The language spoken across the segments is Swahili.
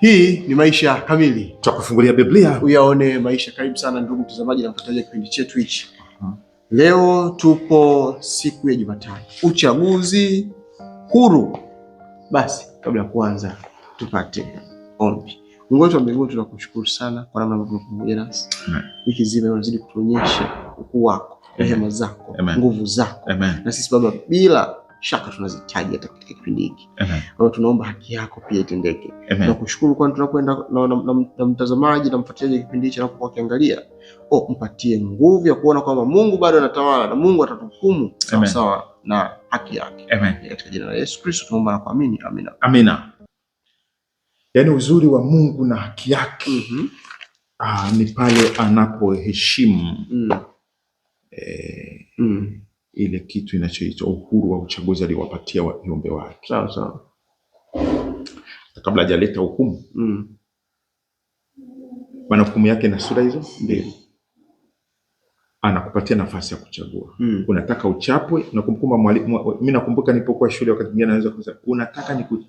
Hii ni Maisha Kamili, tutakufungulia Biblia uyaone maisha. Karibu sana ndugu mtazamaji na mfuatiliaji wa kipindi chetu hichi. Mhm. Leo tupo siku ya Jumatano, uchaguzi huru. Basi kabla ya kuanza, tupate ombi. Mungu wetu wa mbinguni, tunakushukuru sana kwa namna ambavyo pamoja nasi wiki nzima, unazidi kutuonyesha ukuu wako, rehema zako, nguvu zako, na sisi Baba, bila shaka tunazitaji hata katika kipindi hiki. Kwa hiyo tunaomba haki yako pia itendeke. Tunakushukuru kwani tunakwenda na mtazamaji na mfuatiliaji wa kipindi hichi anapokuwa akiangalia, oh, mpatie nguvu ya kuona kwamba Mungu bado anatawala na Mungu atatuhukumu sawa sawa na haki yake. Katika jina la Yesu Kristo tunaomba na kuamini, amina. Amina. Yaani uzuri wa Mungu na haki yake mm -hmm. Ah, ni pale anapoheshimu mm. Eh, mm ile kitu inachoitwa uhuru wa uchaguzi aliwapatia wa wake. Sawa sawa, kabla hajaleta hukumu mm. Maana hukumu yake na sura hizo mbili, anakupatia nafasi ya kuchagua mm. Unataka uchapwe? Nakumbuka mwalimu, mimi nakumbuka nilipokuwa shule, wakati mwingine anaweza kusema unataka niku,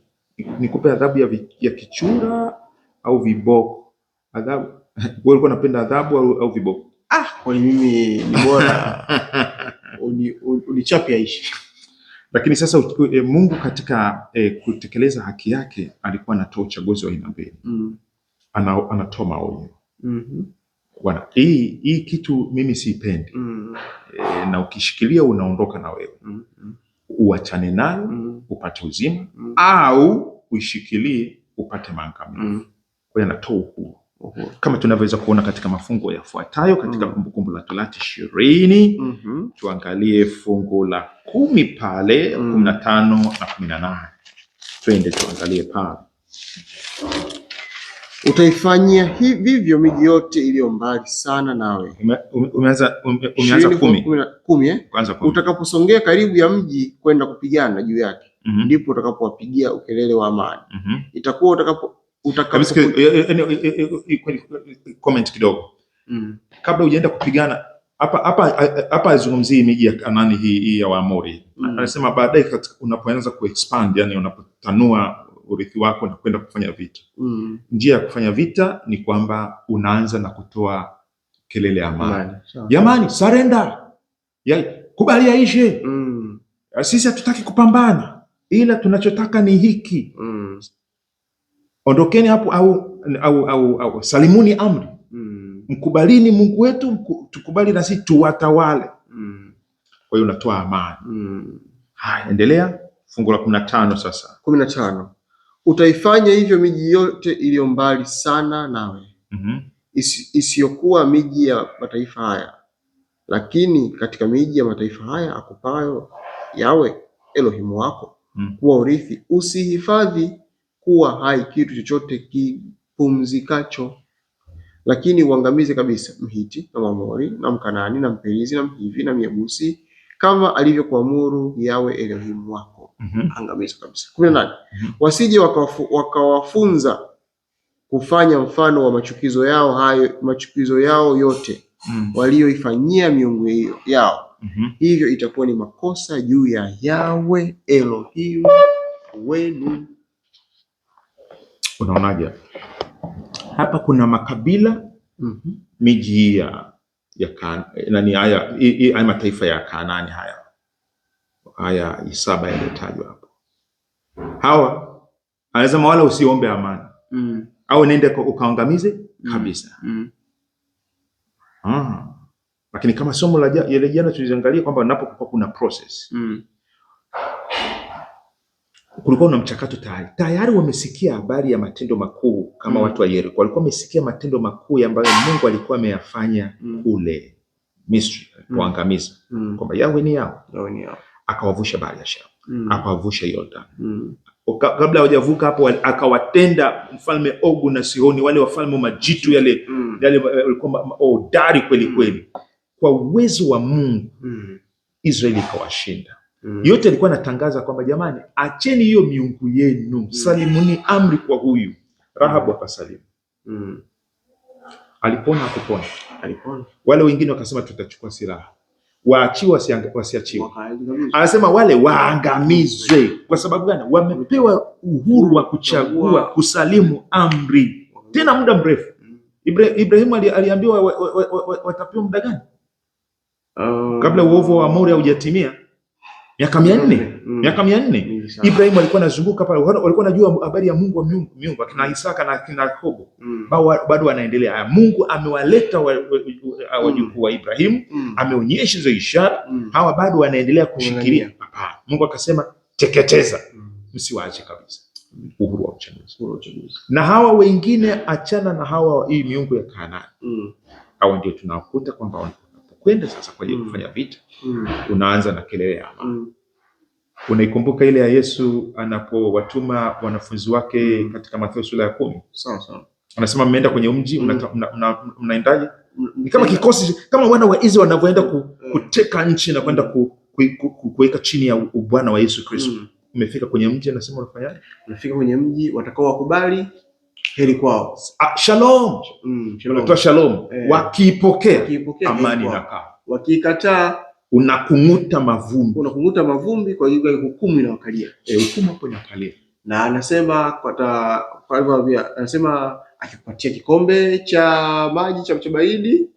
nikupe adhabu ya, ya kichura au viboko? Adhabu wewe ulikuwa unapenda adhabu au, au viboko? Ah, kwa mimi ni bora uni, unichapi aishi. Lakini sasa e, Mungu katika e, kutekeleza haki yake alikuwa anatoa uchaguzi wa aina mbili mm. Ana, anatoa maonyo mm -hmm. Bwana, hii hii kitu mimi siipendi mm -hmm. E, na ukishikilia unaondoka na wewe mm -hmm. Uachane nayo mm -hmm. upate uzima mm -hmm. au uishikilie upate maangamizi mm -hmm. Kwa hiyo anatoa hukumu kama tunavyoweza kuona katika mafungo yafuatayo katika mm. Kumbukumbu la Torati ishirini mm -hmm. Tuangalie fungu la kumi pale mm. kumi na tano na kumi na nane twende tuangalie pale. Utaifanyia vivyo miji yote iliyo mbali sana nawe. Umeanza eh? kumi, utakaposongea karibu ya mji kwenda kupigana juu yake, mhm. ndipo mm -hmm. utakapowapigia ukelele wa amani mm -hmm. itakuwa utakapo comment kidogo mm. kabla ujaenda kupigana hapa hapa eh, eh, hapa azungumzii miji ya nani hii hii ya Waamori mm. anasema baadaye unapoanza kuexpand yani unapotanua urithi wako na kwenda kufanya vita mm. njia ya kufanya vita ni kwamba unaanza na kutoa kelele ya amani, jamani, ya kubalia ishe mm. sisi hatutaki kupambana, ila tunachotaka ni hiki mm ondokeni hapo au, au, au, au salimuni amri mm. mkubalini Mungu wetu mku, tukubali na sisi tuwatawale mm. kwa hiyo unatoa amani mm. Haya, endelea fungu la kumi na tano sasa. kumi na tano utaifanya hivyo miji yote iliyo mbali sana nawe mm -hmm. Isi, isiyokuwa miji ya mataifa haya, lakini katika miji ya mataifa haya akupayo yawe Elohimu wako mm. kuwa urithi, usihifadhi kuwa hai kitu chochote kipumzikacho, lakini uangamize kabisa Mhiti na Mwamori na Mkanani na Mperizi na Mhivi na Myebusi kama alivyokuamuru Yawe Elohimu wako. mm -hmm. Angamiza kabisa. kumi na nane. mm -hmm. Wasije wakawafunza kufanya mfano wa machukizo yao hayo, machukizo yao yote mm -hmm. walioifanyia miungu hiyo yao. mm -hmm. Hivyo itakuwa ni makosa juu ya Yawe Elohimu wenu unaonaje? Hapa kuna makabila mhm. miji ya ya nani haya hii mataifa ya Kanaani haya haya saba yaliyotajwa hapo. Hawa anasema wala usiombe amani mm. au nende ukaangamize mm. kabisa mm. Ah. Lakini kama somo la jana tuliangalia kwamba unapokuwa kuna process mm kulikuwa na mchakato tayari tayari, wamesikia habari ya matendo makuu kama mm. watu wa Yeriko walikuwa wamesikia matendo makuu ambayo Mungu alikuwa ameyafanya mm. kule Misri mm. kuangamiza mm. kwamba Yahwe ni yao, akawavusha bahari ya Shamu mm. akawavusha Yordani mm. kabla hawajavuka hapo, akawatenda mfalme Ogu na Sihoni, wale wafalme majitu yale mm. yale eh, walikuwa hodari oh, kweli mm. kweli, kwa uwezo wa Mungu mm. Israeli ikawashinda mm. yote alikuwa anatangaza kwamba jamani, acheni hiyo miungu yenu mm. salimuni amri kwa huyu. Rahabu mm. akasalimu mm. alipona akupona, Alipona. Wale wengine wakasema tutachukua silaha waachiwa wasiachiwe, anasema wale waangamizwe. Kwa sababu gani? Wamepewa uhuru wa kuchagua kusalimu amri, tena muda mrefu. Mm. Ibrahimu aliambiwa watapewa muda gani um. kabla uovu wa Amori haujatimia? miaka mia nne mm. miaka mia nne Ibrahimu alikuwa anazunguka pale, walikuwa najua habari ya Mungu wa miungu, akina Isaka na akina Yakobo mm. bado wanaendelea. Mungu amewaleta mm. wajukuu wa Ibrahimu mm. ameonyesha hizo ishara mm. hawa bado wanaendelea kushikilia. Hapana, Mungu akasema teketeza, mm. msiwaache kabisa. Uhuru wa uchaguzi. Na hawa wengine achana na hawa, hii miungu ya Kanaani mm. hawa ndio tunakuta kwamba kwenda sasa kwa ajili ya kufanya vita mm. unaanza na kelele ya amani mm. Unaikumbuka ile ya Yesu anapowatuma wanafunzi wake mm. katika Mathayo sura ya kumi. Sawa sawa. Anasema mmeenda kwenye mji mm. mnaendaje? Mm, Ni kama kikosi kama wana wa Israeli wanavyoenda kuteka nchi na kwenda kuweka chini ya ubwana wa Yesu Kristo. Umefika kwenye mji, anasema unafanyaje? Unafika kwenye mji watakao wakubali heri kwao. Ah, shalom. Mm, shalom. Shalom. Eh, wakiipokea waki amani inakaa, wakiikataa unakung'uta mavumbi, unakung'uta mavumbi, kwa hiyo hukumu inawakalia. Eh, hukumu hapo inakalia, na anasema kwa kwa hivyo anasema akikupatia kikombe cha maji cha mchabaidi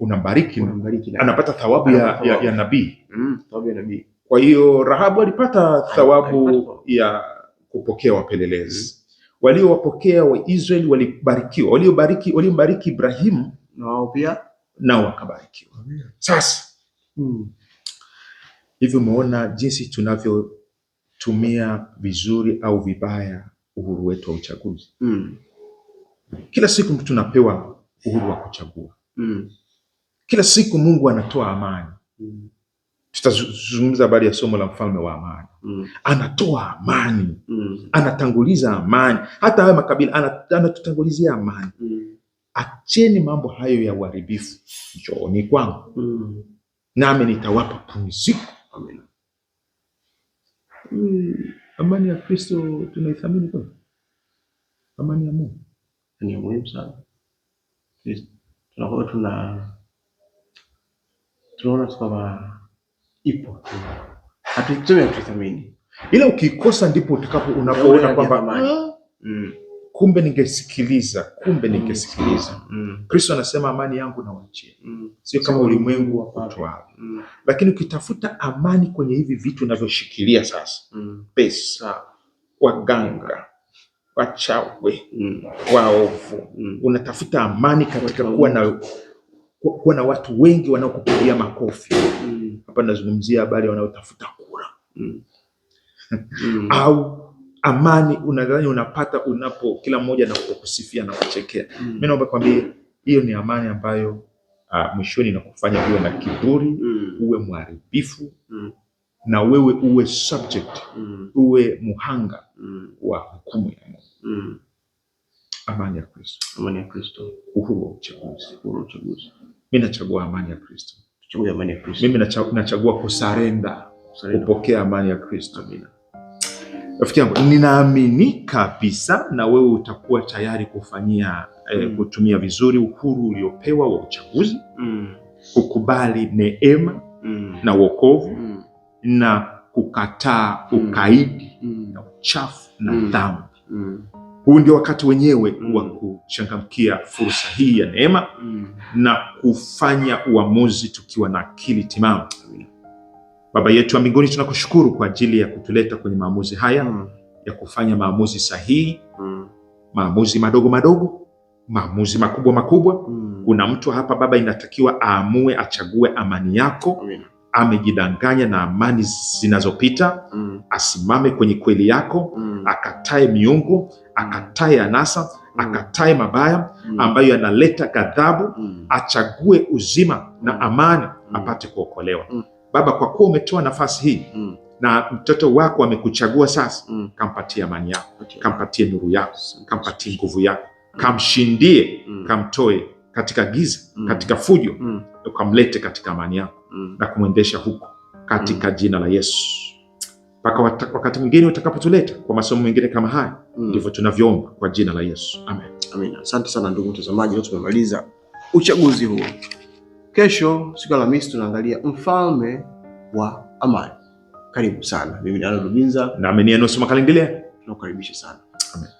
unambariki, unambariki na anapata thawabu ya, ya, ya nabii mm, thawabu ya nabii. Kwa hiyo Rahabu alipata thawabu ya kupokea wapelelezi mm. Waliowapokea waisrael walibarikiwa, waliobariki walimbariki Ibrahimu na wao pia nao wakabarikiwa. Sasa hmm. Hivyo umeona jinsi tunavyotumia vizuri au vibaya uhuru wetu wa uchaguzi hmm. Kila siku tunapewa uhuru wa kuchagua hmm. Kila siku Mungu anatoa amani hmm tutazungumza habari ya somo la mfalme wa amani mm. Anatoa amani mm. Anatanguliza amani, hata haya makabila anatutangulizia amani mm. Acheni mambo hayo ya uharibifu, njooni kwangu mm. nami nitawapa pumziko. Amina. Mm. Amani ya Kristo tunaithamini kwa Amani ya Mungu ni muhimu sana. Tunakuwa tuna tunaona kwamba ipo, hatuiseme, hatuithamini, ila ukikosa ndipo utakapo unapoona kwamba ah, mm. kumbe ningesikiliza, kumbe mm. ningesikiliza. Mm. Kristo mm. anasema amani yangu nawaachia, mm. sio kama ulimwengu wautwao mm. Lakini ukitafuta amani kwenye hivi vitu unavyoshikilia sasa, mm. pesa, waganga wachawe, mm. waovu, mm. unatafuta amani katika kuwa na kuwa na watu wengi wanaokupigia makofi mm. Hapa nazungumzia habari wanaotafuta kura mm. mm. au amani unadhani unapata unapo kila mmoja anapokusifia na kuchekea mm. Mimi naomba kwambie hiyo ni amani ambayo uh, mwishoni inakufanya uwe na kiburi mm. uwe mharibifu mm. na wewe uwe subject mm. uwe muhanga mm. wa hukumu ya Mungu mm. Amani ya Kristo, amani ya Kristo, uhuru wa uchaguzi, uhuru wa uchaguzi. Mimi nachagua amani ya Kristo. Tuchague amani ya Kristo. Mimi nachagua kusarenda, kupokea amani ya Kristo. Rafiki yangu, ninaamini kabisa na wewe utakuwa tayari kufanyia eh, mm. kutumia vizuri uhuru uliopewa wa uchaguzi mm. kukubali neema mm. na wokovu mm. na kukataa mm. ukaidi mm. na uchafu na mm. dhambi mm. mm. Huu ndio wakati wenyewe mm. wa kuchangamkia fursa hii ya neema mm. na kufanya uamuzi tukiwa na akili timamu Baba yetu wa mbinguni, tunakushukuru kwa ajili ya kutuleta kwenye maamuzi haya mm. ya kufanya maamuzi sahihi mm. maamuzi madogo madogo, maamuzi makubwa makubwa mm. kuna mtu hapa Baba inatakiwa aamue, achague amani yako mm amejidanganya na amani zinazopita mm. asimame kwenye kweli yako mm. akatae miungu, mm. akatae anasa mm. akatae mabaya mm. ambayo yanaleta ghadhabu mm. achague uzima na mm. amani mm. apate kuokolewa mm. Baba, kwa kuwa umetoa nafasi hii mm. na mtoto wako amekuchagua sasa mm. kampatie amani yako okay. kampatie nuru yako kampatie nguvu yako mm. kamshindie mm. kamtoe katika giza mm. katika fujo mm. ukamlete katika amani yako Mm. na kumwendesha huko katika mm. jina la Yesu mpaka wakati mwingine utakapotuleta kwa masomo mengine kama haya mm. ndivyo tunavyoomba kwa jina la Yesu Amen. Amen. Asante sana ndugu mtazamaji, leo tumemaliza uchaguzi huo. Kesho siku ya Alhamisi tunaangalia mfalme wa amani. Karibu sana. Mimi ni Arnold Binza na mimi ni Enos Tunakukaribisha sana. Amen.